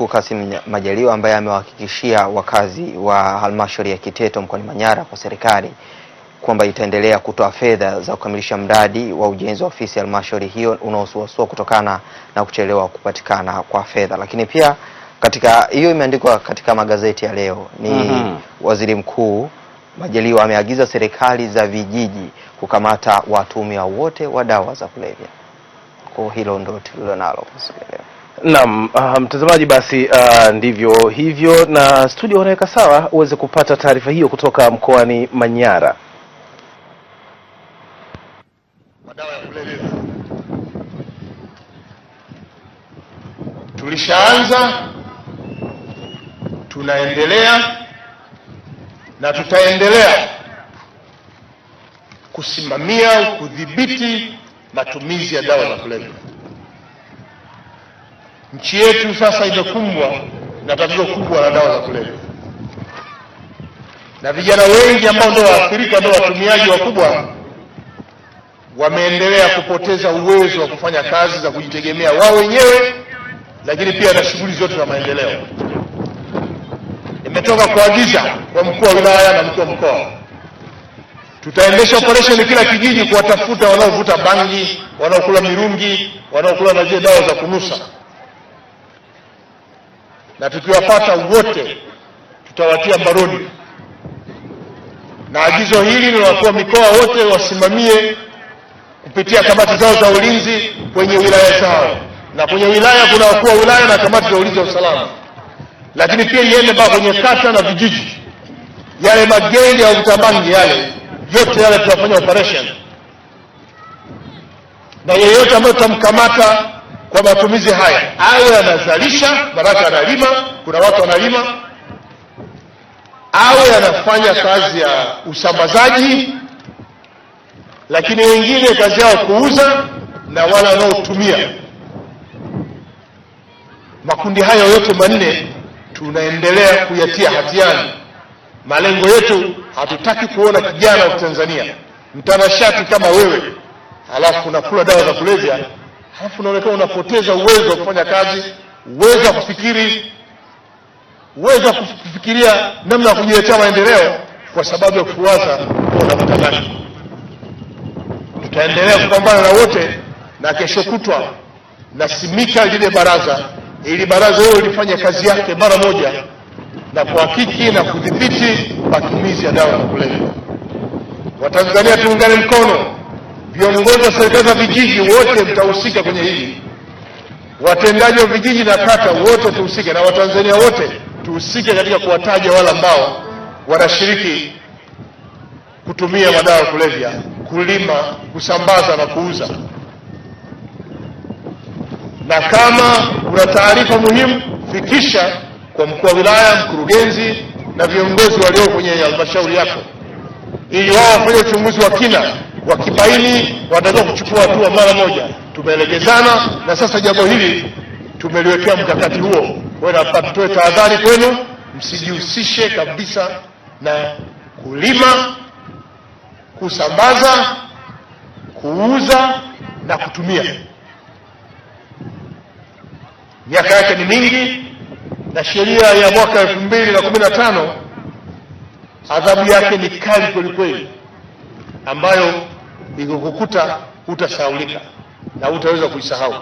Mkuu Kassim Majaliwa ambaye amewahakikishia wakazi wa halmashauri ya Kiteto mkoani Manyara kwa serikali kwamba itaendelea kutoa fedha za kukamilisha mradi wa ujenzi wa ofisi ya halmashauri hiyo unaosuasua kutokana na kuchelewa kupatikana kwa fedha. Lakini pia katika hiyo imeandikwa katika magazeti ya leo ni mm -hmm. Waziri Mkuu Majaliwa ameagiza serikali za vijiji kukamata watumiwa wote wa dawa za kulevya. Kwa hilo ndio tulilonalo leo. Naam, uh, mtazamaji basi uh, ndivyo hivyo na studio wanaweka sawa uweze kupata taarifa hiyo kutoka mkoani Manyara. Madawa ya kulevya tulishaanza, tunaendelea na tutaendelea kusimamia kudhibiti matumizi ya dawa za kulevya. Nchi yetu sasa imekumbwa na tatizo kubwa la dawa za kulevya, na vijana wengi ambao ndio waathirika, ndio watumiaji wakubwa, wameendelea kupoteza uwezo wa kufanya kazi za kujitegemea wao wenyewe, lakini pia na shughuli zote za maendeleo. Nimetoka kuagiza kwa mkuu wa wilaya na mkuu wa mkoa tutaendesha operesheni kila kijiji kuwatafuta wanaovuta bangi, wanaokula mirungi, wanaokula na zile dawa za kunusa na tukiwapata wote tutawatia mbaroni, na agizo hili linawakuwa mikoa wote wasimamie kupitia kamati zao za ulinzi kwenye wilaya zao, na kwenye wilaya kuna wakuu wa wilaya na kamati za ulinzi wa usalama, lakini pia iende mpaka kwenye kata na vijiji. Yale magenge ya utabangi yale yote yale tunafanya operation, na yeyote ambayo tutamkamata kwa matumizi haya, awe anazalisha, Baraka analima, kuna watu analima, awe anafanya kazi ya usambazaji, lakini wengine kazi yao kuuza na wale wanaotumia. Makundi hayo yote manne tunaendelea kuyatia hatiani. Malengo yetu, hatutaki kuona kijana wa Tanzania mtanashati kama wewe, halafu unakula dawa za kulevya halafu unaonekana unapoteza uwezo wa kufanya kazi, uwezo wa kufikiri, uwezo wa kufikiria namna ya kujiletea maendeleo kwa sababu ya kufuata unamtamani. Tutaendelea kupambana na wote, na kesho kutwa nasimika lile baraza ili baraza hilo lifanye kazi yake mara moja na kuhakiki na kudhibiti matumizi ya dawa za kulevya. Watanzania tuungane mkono Viongozi wa serikali za vijiji wote mtahusika kwenye hili, watendaji wa vijiji na kata wote tuhusike, na Watanzania wote tuhusike katika kuwataja wale ambao wanashiriki kutumia madawa ya kulevya, kulima, kusambaza na kuuza. Na kama kuna taarifa muhimu, fikisha kwa mkuu wa wilaya, mkurugenzi na viongozi walio kwenye halmashauri yako, ili wao wafanye uchunguzi wa kina wakibaini wanatakiwa kuchukua hatua mara moja. Tumeelekezana na sasa jambo hili tumeliwekea mkakati huo. Tutoe tahadhari kwenu, msijihusishe kabisa na kulima, kusambaza, kuuza na kutumia. Miaka yake ni mingi, na sheria ya mwaka elfu mbili na kumi na tano adhabu yake ni kali kwelikweli ambayo ikikukuta utashaulika na utaweza kuisahau.